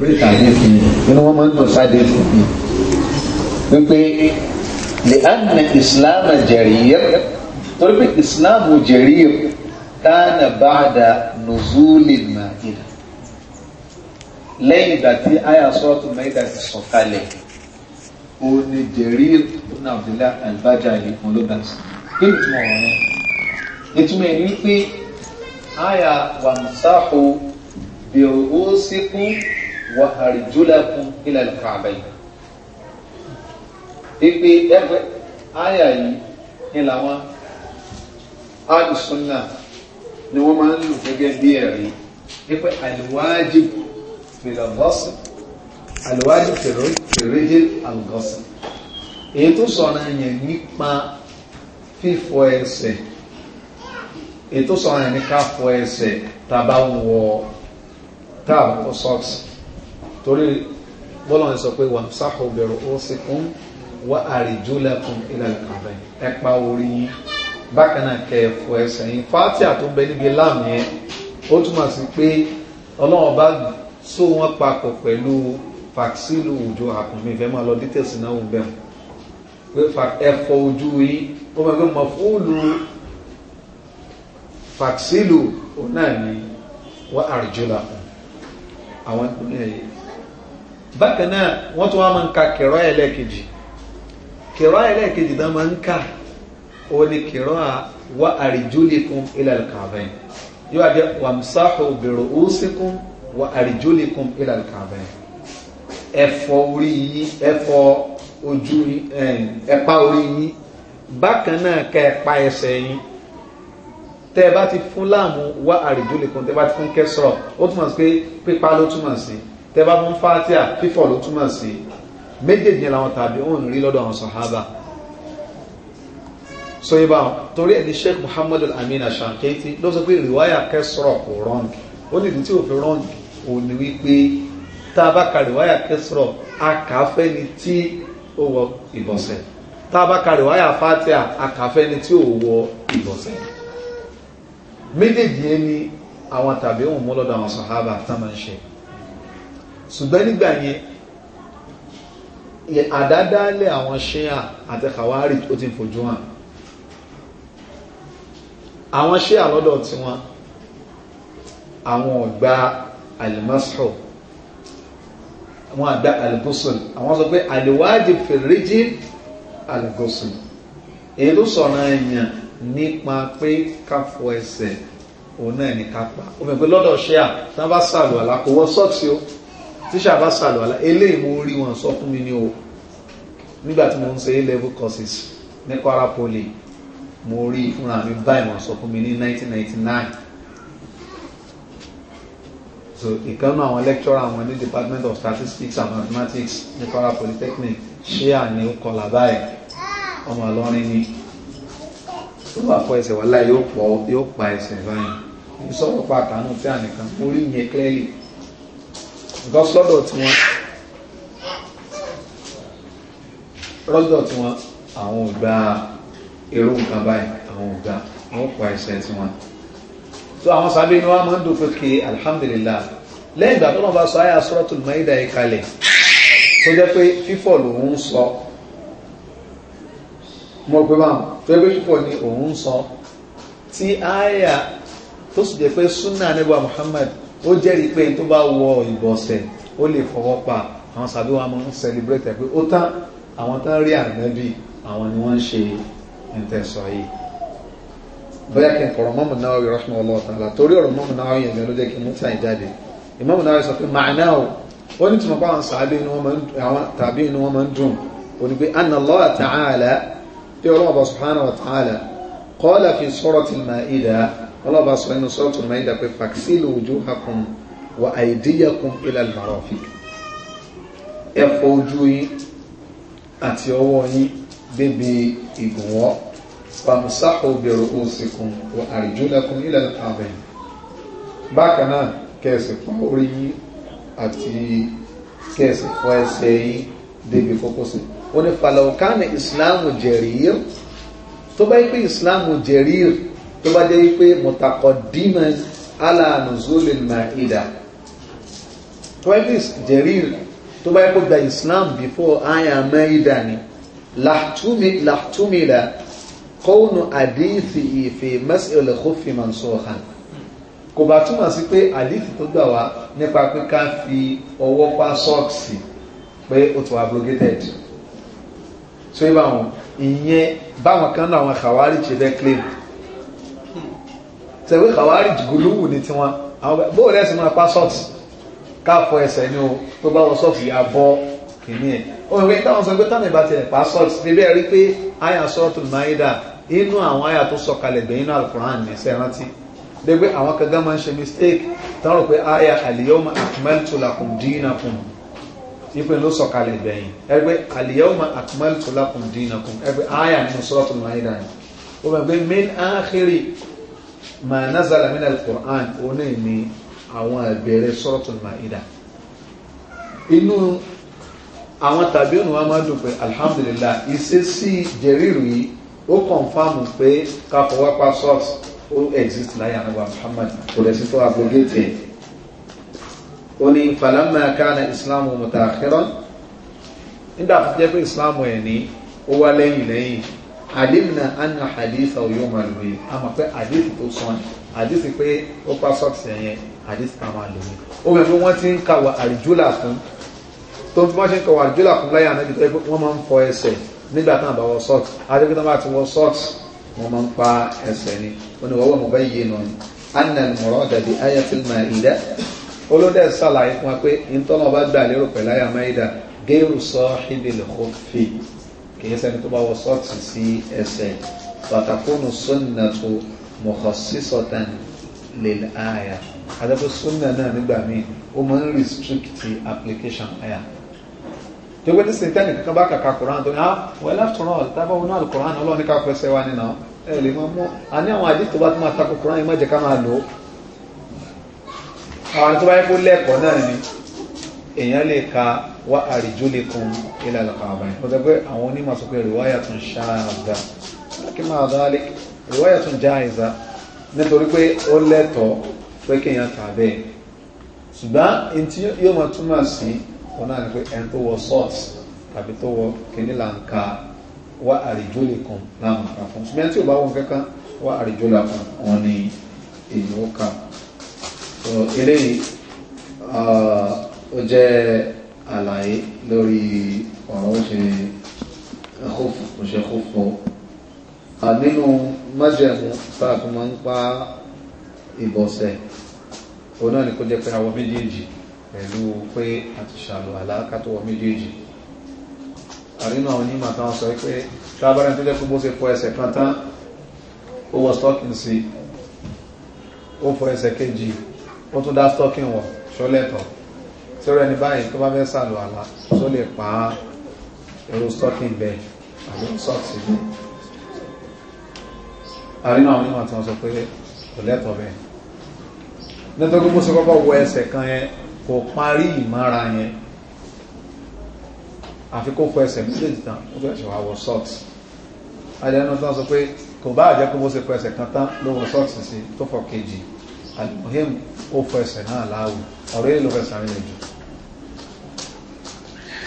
celebrate àdéhùn yìí nínú wọn máa ń dùn sádéhùn yìí wípé lè ànà ìsìláàmù jẹ̀rìyẹ́ torí pé ìsìláàmù jẹ̀rìyẹ́ kánà báàdà nùzúlì màdìlá lẹ́yìn ìgbà tí àyà sọ́ọ̀tù mẹ́ta ti sọ̀ kalẹ̀ ó ní jẹ̀rìyẹ́ ní Abdullah albájá ìlú lọ́dàsí kí ni wọn náà ìtumọ̀ ẹ̀ ní pé àyà wàmùsáhù bìrù ó síkún wà àrìjólàkú ilẹ̀ kàbẹ̀ ìpè ẹgbẹ́ àyà yìí ni làwọn alùsùnà ni wọ́n máa ń lò gẹ́gẹ́ bí ẹ̀rí nípa àlùwájì fìlọ̀gọ́sì àlùwájì fìrìjì àlùgọ́sì èyí tó sọ̀rọ̀ yẹn nípa fífọ ẹsẹ̀ èyí tó sọ̀rọ̀ yẹn ní ká fọ ẹsẹ̀ tá a bá ń wọ táàbù sọ́ọ̀sì torí bọ́lọ̀ ń sọ pé wà sáhù bẹ̀rù ó sì kún wà àrìjólẹ́kùn ilẹ̀ àbẹ̀ ẹpa orí yín bákan náà kẹfọ ẹsẹ̀ yín fátíà tó bẹ níbi láàmì ẹ ó túmọ̀ sí pé ọlọ́wọ́n bá so wọ́n papọ̀ pẹ̀lú fàksílù òjò àkùnmí ìfẹ́ máa lọ dítẹ̀sì náà ń bẹ̀rù pé ẹ̀fọ́ ojú yín ó máa gbé mọ̀fúùlù fàksílù òun náà ní wọ́n àrìjólẹ́kùn àwọn ìpínlẹ̀ yìí bákan náà wọ́n tún wá máa ń ka kẹ̀rọ ẹlẹ́ẹ̀kejì kẹ̀rọ ẹlẹ́ẹ̀kejì náà máa ń kà ó ní kẹ̀rọ à wá àrìjúlẹ̀kùn ilal ka'bayn yóò wá jẹ́ wàmsáhù biru'usikum wá àrìjúlẹ̀kùn ilal ẹ̀fọ́ orí yín ẹ̀fọ́ ojú ẹ̀pá orí yín bákan náà kẹ́ ẹ ẹsẹ̀ yín tẹ́ ẹ bá ti fún láàmú wá àrìjúlẹ̀kùn tẹ́ ẹ bá ti fún kẹsọ̀rọ̀ ó túmọ̀ sí pé pípa ló túmọ̀ sí tẹ́bá mú fátíà fífọ̀ ló túmọ̀ sí méjèèjì yẹn làwọn tàbí òun rí lọ́dọ̀ àwọn sọ̀hábà so yíba torí ẹni sheikh muhammad al-amin ashanketi ló sọ pé rìwáyà kẹsọ̀rọ̀ kò rọ́ǹg ó ní ìdí tí òfin rọ́ǹg ò ní wípé tá a bá ka rìwáyà kẹsọ̀rọ̀ a kà á fẹ́ni tí ó wọ ìbọ̀sẹ̀ tá a bá ka rìwáyà fátíà a kà á fẹ́ni tí ó wọ ìbọ̀sẹ̀ méjèèjì ni àwọn tàbí òun mú lọ́dọ̀ àwọn sọ̀hábà tá a máa ń ṣe ṣùgbọ́n nígbà yẹn àdádálẹ̀ àwọn ṣíà àti kàwárì ó ti fojú hàn àwọn ṣíà lọ́dọ̀ tiwọn àwọn ọ̀gbà alimasro àwọn àgbà aligosul àwọn sọ pé aliwajib fil rijil aligosul èyí ló sọ̀rọ̀ èèyàn nípa pé káfọ ẹsẹ̀ òun náà ní kápá òmìnir pé lọ́dọ̀ ṣíà tí wọ́n bá sàlùwàlá kò wọ sọ́ọ̀sì tíṣà bá sàlùwàlá eléyìí mo rí wọn sọ fún mi ní o nígbà mo ń ṣe a-level courses ní Kwara Poly mo rí fúnra mi báyìí wọn sọ fún mi ní 1999 so ìkànnà àwọn lecturer àwọn ní Department of Statistics and Mathematics ní Kwara Polytechnic ṣé àní ó kọlà ọmọ ọlọ́rin ni tó bá fọ ẹsẹ̀ wọlá yóò pọ̀ yóò pa ẹsẹ̀ báyìí ìsọ̀rọ̀ pàtàkì tí ànìkan mo rí yẹn clearly because lọ́dọ̀ tí wọ́n lọ́dọ̀ tí wọ́n àwọn ò gba irú nǹkan báyìí àwọn ò gba pa ẹsẹ̀ tí wọ́n so àwọn sábẹ́ inú wa máa ń dùn pé kí alhamdulillah lẹ́yìn ìgbà tó náà bá sọ ayé Suratul Maida yìí kalẹ̀ tó jẹ́ pé fífọ̀ lòun sọ mo pe báwọn tó jẹ́ pé fífọ̀ ni òun sọ tí ayé tó sì jẹ́ pé sunnah nígbà Muhammad ó jẹ́rìí pé tó bá wọ ìbọ̀sẹ̀ ó lè fọwọ́ pa àwọn sàbí wa máa ń celebrate pé ó tán àwọn tán rí ànábì àwọn ni wọ́n ń ṣe ìtẹ̀sọ̀ yìí bóyá kí n kọ̀rọ̀ mọ́mù náà yọ̀rọ̀ fún ọlọ́ ọ̀tàlá torí ọ̀rọ̀ mọ́mù náà yẹn ló jẹ́ kí n mú tàn jáde ìmọ̀mù sọ pé màánà o wọ́n ní tùmọ̀ pa sàbí inú wọn tàbí inú wọn máa ń dùn ó ní pé anna Allah ta'ala pé ọlọ́wọ́ subhanahu wa ta'ala qala fi suratil Ma'idah ọlọ́ba sọ nínú sọ́ọ̀tù mẹ́ta pé fàksílù wujuhakum wa aydiyakum ila al-marafiq ẹ fọ ojú yín àti ọwọ́ yín débi ìgbọ̀nwọ́ wàmùsáhù bi ru'usikum wa arjulakum ila al-ka'bayn bákan náà kẹ́ẹ̀sì fọ orí yín àti kẹ́ẹ̀sì fọ ẹsẹ̀ yín débi kókósẹ̀ ó ní falaw ìsìláàmù jẹ̀rìír tó bá yí pé ìsìláàmù jẹ̀rìír tó bá jẹ́ wípé mutaqaddiman ala nuzulil ma'ida twelvis jeril tó bá yẹ kó gba islam before aya ma'ida ni làtúmìlà kọ́ọ̀nù àdíìsì ìfẹ́ mas'il khuffi mansukhan kò bá túmọ̀ sí pé àdíìsì tó gbà wá nípa pé ká fi ọwọ́ pa sọ́ọ̀sì pé ó ti wà abrogated so ibà ìyẹn báwọn kan náà àwọn àkàwárí ṣe fẹ́ claim sẹ̀wé kàwárì jùgúlùwù ní tiwọn àwọn bóò lẹ́sì máa pa sọ́ọ̀tì káàfọ ẹsẹ̀ ní o tó bá wọ sọ́ọ̀tì yà bọ́ kìíní ẹ̀ òwe táwọn sọ pé táwọn ìbá tiẹ̀ pa sọ́ọ̀tì níbi ẹ̀rí pé àyà sọ́ọ̀tù máyídà inú àwọn àyà tó sọ̀kalẹ̀ gbẹ̀ inú alukuran ní ẹsẹ̀ rántí dẹ́gbẹ́ àwọn kankan máa ń ṣe mistake táwọn rò pé àyà àlìyọ́mọ àkùmẹ́lìtò làkùn dínà ipe ló sọ̀kalẹ̀ gbẹ̀yìn ẹgbẹ́ àlìyọ́mọ àkùmẹ́lìtò làkùn dínà kùn ẹgbẹ́ àyà nínú sọ́ọ̀tù máyídà ni ó bẹ̀ gbé main áhìrì ma nazala min al-Qur'an ó náà ní àwọn ìbẹ̀rẹ̀ Suratul Ma'idah inú àwọn tàbí ònà wọn máa dùn pé alhamdulillah ìṣesí jẹ̀rìrì yìí ó kọ̀nfàmù pé káfọwọ́pá sọ́ọ̀sì ó exist láyé ànábà Muhammad kò lè sí tó abrogate ẹ̀ ó ní falamma kana islamu mutakhiran nígbà tó jẹ́ islamu ẹ̀ ní ó wá lẹ́yìn alimna anna hadith aw yawm al-bayt àmọ́ pé hadith tó sọ ni hadith pé ó pa socks yẹn hadith kan ma lo o me wọ́n tin ka wa arjula fún tó ti wọ́n tin ka wa arjula fún laya na bi tó pé wọ́n ma ń fọ ẹsẹ̀ nígbà tán bá wọ socks a jẹ́ pé tán ti wọ socks wọ́n ma ń pa ẹsẹ̀ ni wọ́n ní wa mubayyinun anna al-murada bi ayati al-ma'idah olóde ṣàlàyé fún wa pé ìtọ́nà ọba gbà lérò pẹ̀lú àyàmáyídà gẹ́rù sọ́ọ́ ibi lè kó fi kìí sẹ́ni tó bá wọ sọ́ọ̀tì sí ẹsẹ̀ pàtàkùnù súnà tó mọ̀kànsísọ̀tàn lè àyà àdàbò súnà náà nígbà míì ó máa ń restrict application àyà tó gbé ní sèntẹ́nì kankan bá kàkà koran tó ní ah well after all tábà wọn náà koran ọlọ́ọ̀ni ká pẹ́ sẹ́wà nínà ẹ lè máa mú a ní àwọn àdìsí tó bá tó máa takò koran yìí má jẹ́ ká máa lò ó àwọn tó bá yẹ kó lẹ́kọ̀ọ́ náà ni èèyàn lè ka wá àrìjúlẹ̀kùn ilẹ̀ àlàkàbà ó sọ pé àwọn onímọ̀ sọ pé rìwáyà tún ṣáàdá kí máa dáálé rìwáyà tún já ìzá nítorí pé ó lẹ́tọ̀ọ́ pé kéèyàn kà bẹ́ẹ̀ ṣùgbọ́n in tí yóò máa túmọ̀ sí wọn náà ni pé ẹni tó wọ sọ́ọ̀sì tàbí tó wọ kíní là ń ka wá àrìjúlẹ̀kùn láwọn kan fún ṣùgbọ́n tí ò bá wọn kankan wá àrìjúlẹ̀kùn wọn ni èèyàn ó kà ó jẹ́ àlàyé lórí ọ̀rọ̀ ó ṣe òṣè kófò nínú májẹ̀mú sáàfin máa ń pa ìbọ̀sẹ̀ òun náà ni kó jẹ́ pé àwọn méjèèjì pẹ̀lú pé àti ṣàlù àlákàtọ̀ wọ méjèèjì àrínà onímọ̀ táwọn sọ pé tábàrẹ̀ tó jẹ́ pé bó ṣe fọ ẹsẹ̀ kan ó wọ stọ́kìn sí ó fọ ẹsẹ̀ kejì ó tún dá stọ́kìn wọ̀ ṣọ́lẹ̀tọ̀ tẹ́rọ ẹni báyìí tó bá fẹ́ sàlù àlá tó lè pa ẹrù stocking bẹ́ẹ̀ àbí socks bẹ́ẹ̀ àrínà àwọn onímọ̀ tí wọ́n sọ pé kò lẹ́tọ̀ bẹ́ẹ̀ nítorí bó ṣe kọ́kọ́ wọ ẹsẹ̀ kan yẹn kò parí ìmára yẹn àfi kó fọ ẹsẹ̀ méjèèjì tán ó fẹ́ ṣe wá wọ socks àdéhùn tí wọ́n sọ pé kò bá àjẹ́ kó bó ṣe ẹsẹ̀ kan tán ló wọ socks sí tó fọ kejì àlùmọ́hìm ó fọ ẹsẹ̀ náà láàwù ọ̀rẹ́ ló fẹ́ sàrin ẹ̀jù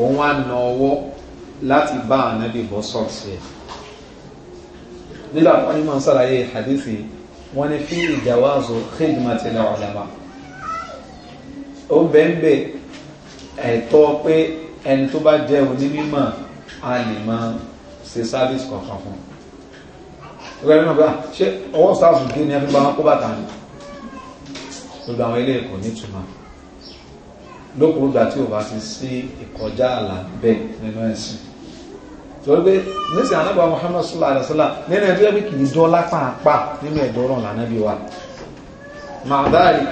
òun wá na ọwọ́ láti bá ànábì bọ́ sọ́ọ̀sì ẹ̀ nígbà wọn máa ń sàlàyé hadithi wọn ni fi ìjàwáàzọ khidmatil ulama ó bẹ́ẹ̀ ẹ̀tọ́ pé ẹni tó bá jẹ́ onímọ̀ a lè máa ṣe sáàbìsì kọ̀ọ̀kan fún un ọgbẹ́ mẹ́rin bá ṣe ọwọ́ sáàsùn kí ní ẹgbẹ́ bá wọn kó bàtà ní gbogbo àwọn ilé ẹ̀kọ́ nítumọ̀ lókùrú gbà tí o bá ti sí ìkọjá àlà bẹ́ẹ̀ nínú ẹ̀sìn torí pé nísìnyí anábà Muhammad sallallahu alaihi wasallam nínú ẹ̀dọ́ ẹ̀bí kì í dán lápáapá nínú ẹ̀dọ́ ọ̀rọ̀ lànàbí wa màdáàrí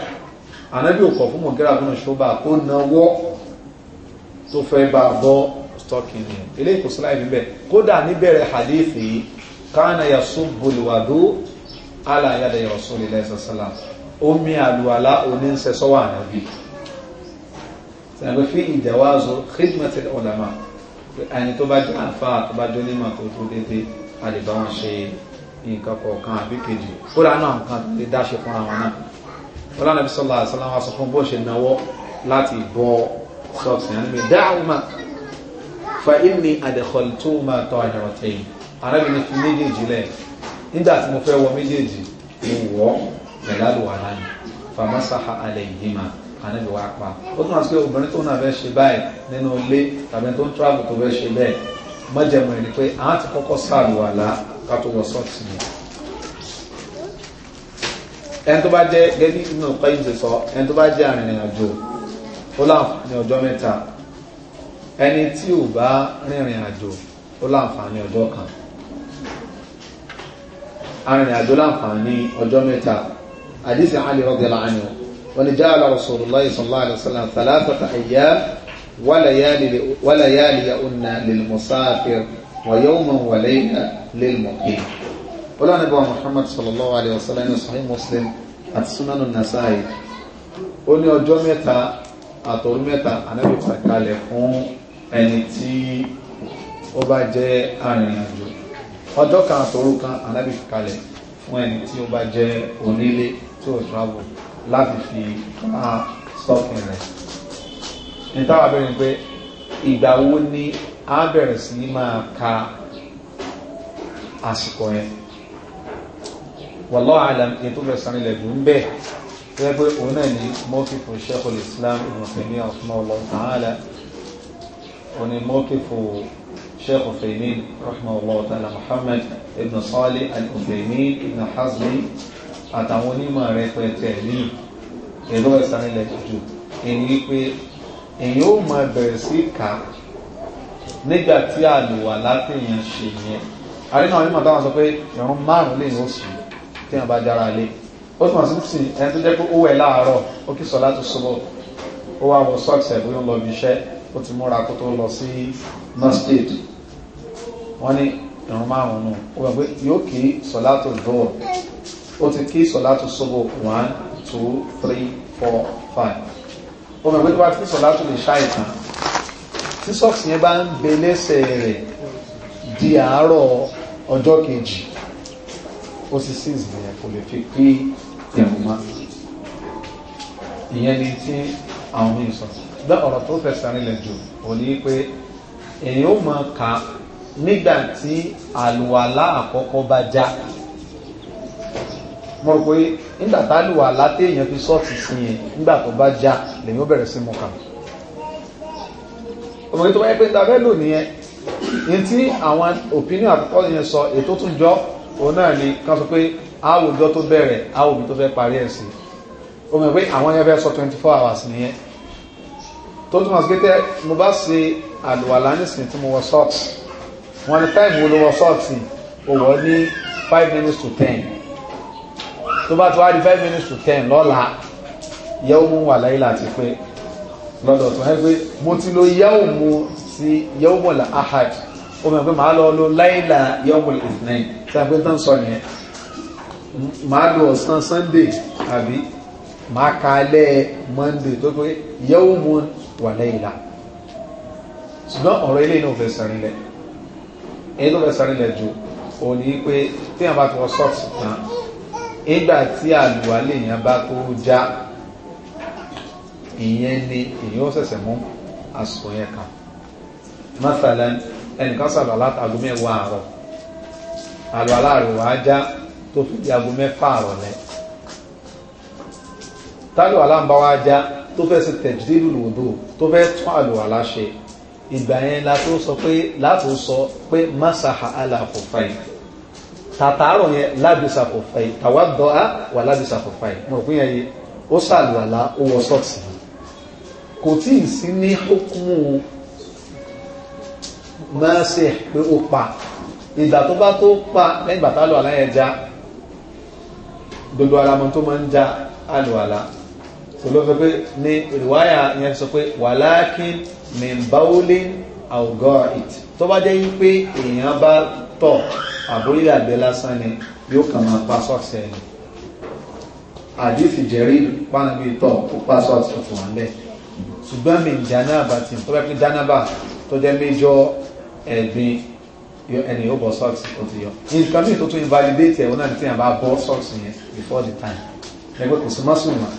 anábì òkọ̀ fún mọ̀gẹ́rà fún ìṣọ́bà kó náwó tó fẹ́ bá bọ́ stọ́kìn ni eléyìí kò síláì níbẹ̀ kódà níbẹ̀rẹ̀ hadith yìí kánà yasubbu alwadu ala yadi Rasulillah omi àlùwàlá oníṣẹ́sọ́wà ànábì sẹ́nàgbé fi ìjàwáàzọ khidmat al-ulama ẹni tó bá jẹ́ àfáà tó bá jẹ́ onímọ̀ tó tó dédé a lè bá wọn ṣe nǹkan kọ̀ọ̀kan àbí kejì kódà náà nǹkan lè dáṣe fún àwọn náà ọlọ́nà bí sọ́lá àṣálá wọn sọ fún bó ṣe náwó láti bọ́ sọ́ọ̀sì fa inni adkhaltuma tahiratayn arábìnrin fi méjèèjì lẹ̀ nígbà tí mo fẹ́ wọ méjèèjì mo wọ́ pẹ̀lú àlùwàlá fa masaha alayhima ànábì wa pa ó tún wá sí pé obìnrin tó náà fẹ́ ṣe báyìí nínú ilé tàbí tó ń travel tó fẹ́ ṣe bẹ́ẹ̀ májẹ̀mọ̀ ni pé àwọn ti kọ́kọ́ sàlùwàlá ká tó wọ sọ́ọ̀tì yẹn ẹni tó bá jẹ́ gẹ́gẹ́ inú pẹ́yìn ti sọ ẹni tó bá jẹ́ arìnrìn àjò ó láǹfààní ọjọ́ mẹ́ta ẹni tí ò bá rìnrìn àjò ó láǹfààní ọjọ́ kan arìnrìn àjò láǹfààní ọjọ́ mẹ́ta àdìsí àlè ọ̀gẹ̀lá àyàn wọ́n ni jáàlá Rasulullahi sallallahu alaihi wasallam thalathata ayyam wa layaliyahunna lilmusafir wa yawman wa layla lilmuqim ọlọ́run ibọ̀ Muhammad sallallahu alaihi wasallam ní Sahih Muslim àti Sunanu Nasa'i ó ní ọjọ́ mẹ́ta àtọ̀rú mẹ́ta anábì pàkalẹ̀ fún ẹni tí ó bá jẹ́ arìnrìnàjò ọjọ́ kan àtọ̀rú kan anábì pàkalẹ̀ fún ẹni tí ó bá jẹ́ onílé travel láti fi máa stọ́ọ̀kì rẹ̀ ní táwa bẹ̀rẹ̀ pé ìgbà wo ni a bẹ̀rẹ̀ sí máa ka àsìkò yẹn wallahu alam ètò bẹ̀rẹ̀ sáré lẹ́gùn ń bẹ́ẹ̀ gẹ́gẹ́ òun náà ni mọ́kífò Sheikhul Islam Ibn Taymiyyah rahimahullahu ta'ala òun ni mọ́kífò Sheikh Uthaymeen rahimahullahu ta'ala Muhammad ibn Salih al-Uthaymeen ibn Hazmi àtàwọn onímọ̀ rẹ pẹ̀tẹ̀ míì ẹ̀rọ ìsanilẹ̀ jù èyí wípé èyí ó máa bẹ̀rẹ̀ sí kà á nígbà tí àlùwà látẹ̀yìn ṣe yẹn àrínà onímọ̀ táwọn sọ pé ìrún márùn lè ó sì tí wọn bá jára lé ó túmọ̀ sí sí ẹni tó jẹ́ pé ó wẹ̀ láàárọ̀ ó kì sọ láti sọ́bọ̀ ó wá wọ sọ́ọ̀sì ẹ̀bí ń lọ bí iṣẹ́ ó ti múra kó tó lọ sí masjid wọ́n ní ìrún márùn-ún ó wẹ̀ pé yóò kì sọ láti dọ́ọ̀ ó ti kí sọ̀látù sọ́bọ̀ 1 2 3 4 5 ọmọ ìgbé tó bá ti sọ̀látù lè ṣá ìtàn tí sọ́ọ̀sì yẹn bá ń bẹ lẹ́sẹ̀ rẹ̀ di àárọ̀ ọjọ́ kejì ó sì sí ìsìnyẹn kò lè fi pé ìrùnmá ìyẹn ni tí àwọn mi sọ dá ọ̀rọ̀ tó fẹsẹ̀ rinlẹ̀ jù ò ní pé mọ̀ pé nígbà tá a lù wà láti èèyàn fi sọ́ọ̀tì sí yẹn nígbà tó bá já lèyìn ó bẹ̀rẹ̀ sí mọ̀ká ọmọ yìí tó wáyé pé ta fẹ́ lò nìyẹn ní tí àwọn opinion àkọ́kọ́ yẹn sọ ètò tún jọ òun náà ni kan sọ pé àwùjọ tó bẹ̀rẹ̀ àwùjọ tó fẹ́ parí ẹ̀ sí ó mọ̀ pé àwọn yẹn fẹ́ sọ twenty four hours nìyẹn tó túmọ̀ sí pé tẹ́ mo bá ṣe àlùwàlá nísìnyí tí mo wọ sọ́ọ̀tì wọn ni táìmù wo sọ́ọ̀tì ó ní five minutes to ten tó bá ti wá di five minutes to ten lọ́la yẹ́wùmú wà láyé láti pé lọ́dọ̀ tó hẹ́ pé mo ti lo yẹ́wùmú sí yẹ́wùmú là ahad O mẹ́ pé màá lọ lo láyìlá yẹ́wùmú ìsìnẹ́yìn tí a pé tán sọ nìyẹn sunday àbí màá ka monday tó pé yẹ́wùmú wà láyìlá ṣùgbọ́n ọ̀rọ̀ ilé náà fẹ́ sẹ́rin lẹ̀ èyí tó fẹ́ sẹ́rin lẹ̀ jù òní pé tí a bá ti wọ sọ́ọ̀tì tán nígbà tí àlùwálé èèyàn bá tó já ìyẹn ni èèyàn ó ṣẹ̀ṣẹ̀ mú àsìkò yẹn kan mọ́tàlá ẹnìkan sàlọ̀ látàgọ́ mẹ́wàá àárọ̀ àlùwálá rẹ̀ wá já tó fi di aago mẹ́fà àrọ̀lẹ́ tálùwálá ń bá wá já tó fẹ́ ṣe tẹ̀jídìlù lòdò tó fẹ́ tún àlùwálá ṣe ìgbà yẹn la sọ pé látò sọ pé masaha ala kò tàtàárọ̀ yẹn lábìsà kò fẹ́ tàwádọ́ á wà lábìsà kò fẹ́ mọ̀ fún yẹn yìí ó sàlùwàlá ó wọ sọ́ọ̀tì yìí kò tí ì sí ní hukumu mẹ́sẹ̀ pé ó pa ìgbà tó bá tó pa lẹ́yìn bàtà lọ àlàyé já gbogbo ara mọ́ tó máa ń já àlùwàlá tó ló fẹ́ pé ní ìwáyà yẹn sọ pé wàlákin min bawlin aw ga'it tó bá jẹ́ wípé èèyàn bá tọ̀ àbóyè àgbẹ̀ lásán ni yóò kàn máa pa sọ́ọ̀sì ẹni àdìsí jẹ́rí pánàbí tọ̀ ó pa sọ́ọ̀sì fún wa lẹ̀ ṣùgbọ́n mi jánábà tí tó bẹ́ẹ̀ pé jánábà tó jẹ́ méjọ ẹ̀gbin ẹni yóò bọ́ sọ́ọ̀sì ó ti yọ nǹkan mìíràn tó tún invalidate ẹ̀ wọn náà ti yàn bá bọ́ sọ́ọ̀sì before the time ẹgbẹ́ kò sí mọ́sùlùmá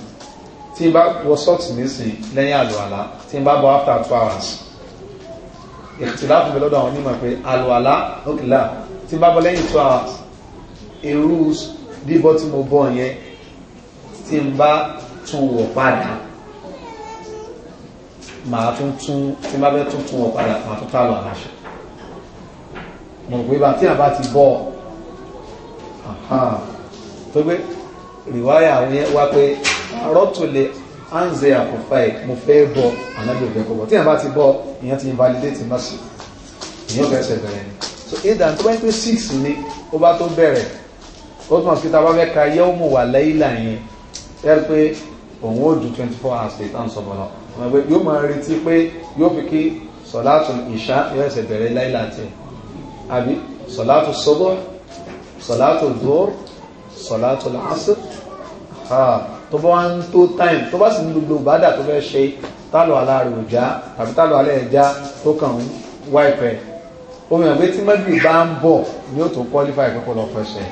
tí n bá wọ sọ́ọ̀sì nísìn lẹ́yìn àlọ́ àlá tí n after two hours ìtìláàfù mi lọ́dọ̀ àwọn onímọ̀ pé alùwàlá òkìlá tí bá bọ́ lẹ́yìn tó à irú bíbọ́ tí mo bọ́ yẹn tí n bá tún wọ̀ padà màá tún tún tí bá bẹ́ tún tún wọ̀ padà màá tún tààlù àláṣẹ mọ̀ pé bá tí àbá ti bọ́ tó gbé rìwáyà wá pé rọ́tùlẹ̀ anze àkọ́fà ẹ̀ mo fẹ́ bọ ànábì òfẹ́ kọ́bọ̀ tí èèyàn bá ti bọ èèyàn ti invalidate mercy èèyàn fẹ́ ṣe bẹ̀rẹ̀ ni so ada twenty six ni ó bá tó bẹ̀rẹ̀ ó túmọ̀ sí tábà fẹ́ ka yẹ́wòmù wà láyìlà yẹn ẹ pé òun ó ju twenty four hours lè tán sọmọ lọ ọmọ ẹgbẹ́ yóò máa retí pé yóò fi kí sọ̀látù ìṣá yóò ṣe bẹ̀rẹ̀ láyìlà tiẹ̀ àbí sọ̀látù sọ́bọ̀ sọ̀látù dùr sọ̀látù làásù tó bá ń tó time tó bá sì ní gbogbo ìbádà tó fẹ́ ṣe tálọ̀ aláàrẹ̀ òjá tàbí tálọ̀ alẹ́ ẹja tó kàn ń wá ìpẹ́ omi àgbẹ̀ tí mẹ́bí bá ń bọ̀ ni tó qualify pẹ́pọ̀ lọ fẹsẹ̀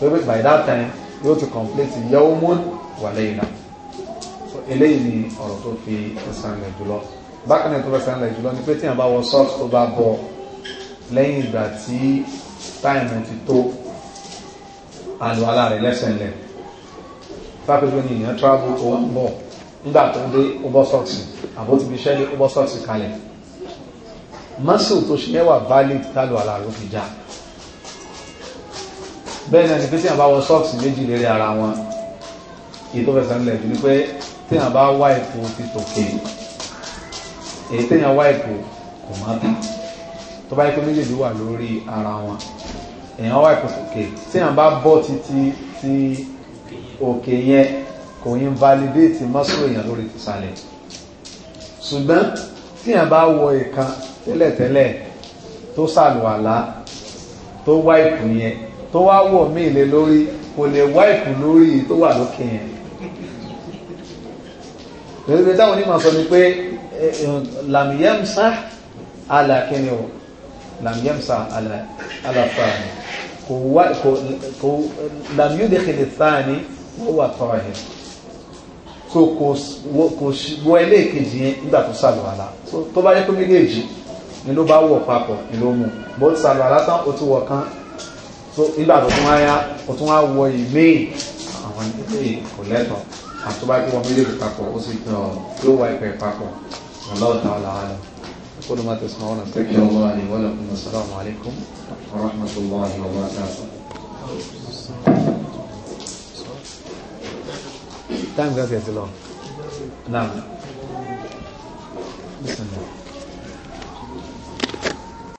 tó by that time yóò ti complete yawmun wa layla so eléyìí ni ọ̀rọ̀ tó fi ẹ̀sán lẹ̀ jùlọ bákan náà tó fẹ́ sẹ́ńlẹ̀ jùlọ ni pé tí àwọn bá wọ socks tó bá bọ̀ lẹ́yìn ìgbà tí time ti tó àlọ́ alárẹ̀ lẹ́sẹ̀ lẹ̀ pápẹ́gbẹ́ ni èèyàn travel tó ń bọ̀ nígbà tó ń dé ubersocks àbó ti fi iṣẹ́ ní ubersocks kalẹ̀ muscle tó ṣe mẹ́wàá valid tálù àlà ló fi já bẹ́ẹ̀ náà ni pé tí a bá wọ socks méjì lérí ara wọn èyí tó fẹsẹ̀ nílẹ̀ jù ni pé tí a bá wá ipò ti tòkè èyí tí a wá ipò kò má tán tó bá yẹ pé méjèèjì wà lórí ara wọn èèyàn wá ipò tòkè tí a bá bọ́ títí tí òkè yẹn kò invalidate muscle èèyàn lórí ìsàlẹ̀ ṣùgbọ́n tí èèyàn bá wọ ìkan tẹ́lẹ̀tẹ́lẹ̀ tó sàlùwàlá tó wáìpù yẹn tó wá wọ̀ mí ilé lórí kò lè wáìpù lórí tó wà lókè yẹn lórí táwọn onímọ̀ sọ ni pé eh, eh, làmìyẹ́msá alàkíní o làmìyẹ́msá alàfààní kò wá kò làmìyẹ́dẹ̀kìlì sáà ni ó wà tọ́ra yẹn so kò kò wọ ẹlẹ́ẹ̀kejì yẹn nígbà tó sàlùwàlà so tó bá yẹ kó méjèèjì ni ló bá wọ̀ papọ̀ ni ló mú bó ti sàlùwàlà tán o ti wọ̀ kan so nígbà tó tún wá yá o tún wá wọ ìmíì àwọn ìdílé kò lẹ́tọ̀ àti tó bá yẹ kó wọ méjèèjì papọ̀ ó sì tàn yóò wá ìpè papọ̀ ọlọ́ọ̀ta ọ̀làwàlà. كل ما تسمعون استغفر الله لي ولكم والسلام عليكم ورحمة الله وبركاته 戴个戒指咯，那，你什么？